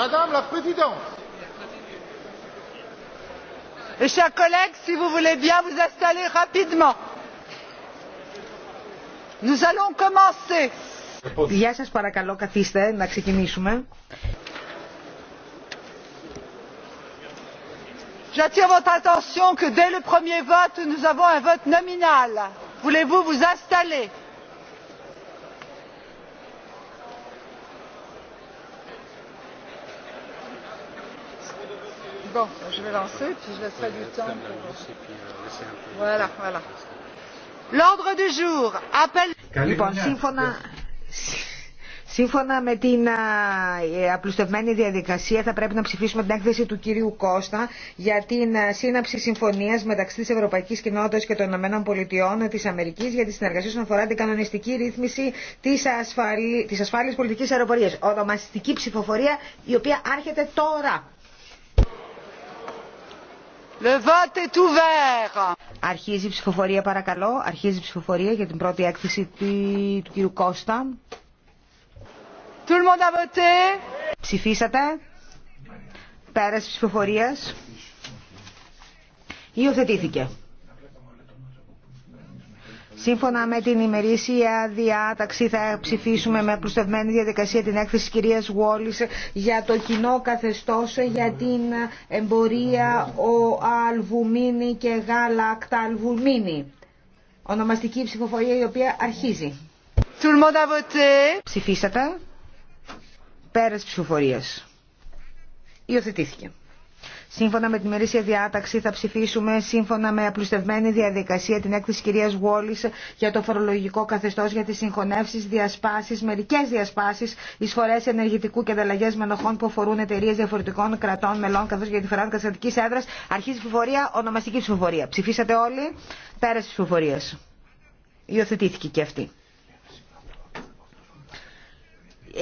Madame la Présidente. Mes chers collègues, si vous voulez bien vous installer rapidement. Nous allons commencer. Γεια σας J'attire votre attention que dès le premier vote, nous avons un vote nominal. Voulez-vous vous installer Λοιπόν, σύμφωνα... με την ε, απλουστευμένη διαδικασία θα πρέπει να ψηφίσουμε την έκθεση του κυρίου Κώστα για την σύναψη συμφωνίας μεταξύ της Ευρωπαϊκής Κοινότητας και των Ηνωμένων Πολιτειών της Αμερικής για τη συνεργασία όσον αφορά την κανονιστική ρύθμιση της, ασφαλ... της ασφάλειας πολιτικής αεροπορίας. Ονομαστική ψηφοφορία η οποία άρχεται τώρα. Le vote est ouvert. Αρχίζει η ψηφοφορία παρακαλώ. Αρχίζει η ψηφοφορία για την πρώτη έκθεση του κύριου Κώστα. Tout le monde a voté. Ψηφίσατε. Πέρασε ψηφοφορίας. Υιοθετήθηκε. Σύμφωνα με την ημερήσια διάταξη θα ψηφίσουμε με προστευμένη διαδικασία την έκθεση κυρίας Γουόλης για το κοινό καθεστώς για την εμπορία ο αλβουμίνη και γάλακτα αλβουμίνη. Ονομαστική ψηφοφορία η οποία αρχίζει. Ψηφίσατε. Πέρας ψηφοφορίας. Υιοθετήθηκε. Σύμφωνα με τη μερίσια διάταξη θα ψηφίσουμε σύμφωνα με απλουστευμένη διαδικασία την έκθεση κυρίας Γουόλης για το φορολογικό καθεστώς για τις συγχωνεύσεις, διασπάσεις, μερικές διασπάσεις, εισφορές ενεργητικού και ανταλλαγέ μενοχών που αφορούν εταιρείε διαφορετικών κρατών μελών καθώς για τη φορά της καταστατικής έδρας αρχίζει ψηφοφορία, ονομαστική ψηφοφορία. Ψηφίσατε όλοι, πέρασε ψηφοφορίας. Υιοθετήθηκε και αυτή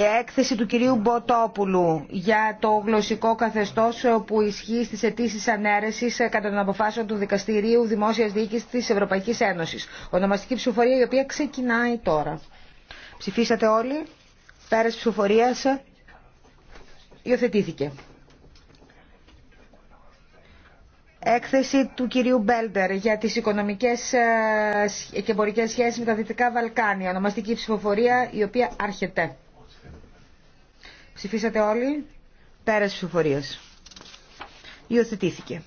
έκθεση του κυρίου Μποτόπουλου για το γλωσσικό καθεστώς που ισχύει στις αιτήσει ανέρεσης κατά των αποφάσεων του Δικαστηρίου Δημόσιας Διοίκησης της Ευρωπαϊκής Ένωσης. Ονομαστική ψηφοφορία η οποία ξεκινάει τώρα. Ψηφίσατε όλοι. Πέρας ψηφοφορίας υιοθετήθηκε. Έκθεση του κυρίου Μπέλτερ για τις οικονομικές ε, και εμπορικές σχέσεις με τα Δυτικά Βαλκάνια. Ονομαστική ψηφοφορία η οποία άρχεται. Ψηφίσατε όλοι. Πέρας ψηφοφορίας. Υιοθετήθηκε.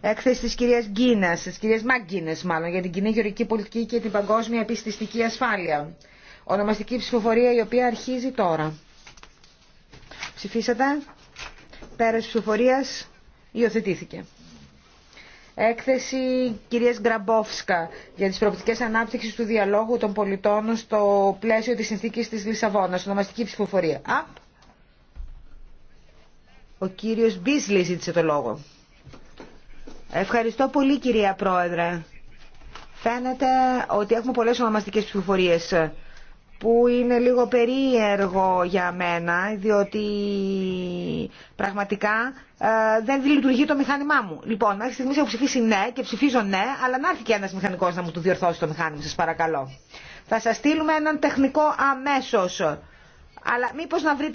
Έκθεση τη κυρία Γκίνα, της κυρίας Μαγκίνας μάλλον, για την κοινή γεωργική πολιτική και την παγκόσμια επιστηστική ασφάλεια. Ονομαστική ψηφοφορία η οποία αρχίζει τώρα. Ψηφίσατε. Πέρας ψηφοφορίας. Υιοθετήθηκε έκθεση κυρίας Γκραμπόφσκα για τις προοπτικές ανάπτυξης του διαλόγου των πολιτών στο πλαίσιο της συνθήκης της Λισαβόνας, ονομαστική ψηφοφορία. ο κύριος Μπίσλη ζήτησε το λόγο. Ευχαριστώ πολύ κυρία Πρόεδρε. Φαίνεται ότι έχουμε πολλές ονομαστικές ψηφοφορίες που είναι λίγο περίεργο για μένα, διότι πραγματικά ε, δεν λειτουργεί το μηχάνημά μου. Λοιπόν, μέχρι στιγμή έχω ψηφίσει ναι και ψηφίζω ναι, αλλά να έρθει και ένας μηχανικός να μου το διορθώσει το μηχάνημα, σας παρακαλώ. Θα σας στείλουμε έναν τεχνικό αμέσως, αλλά μήπω να βρείτε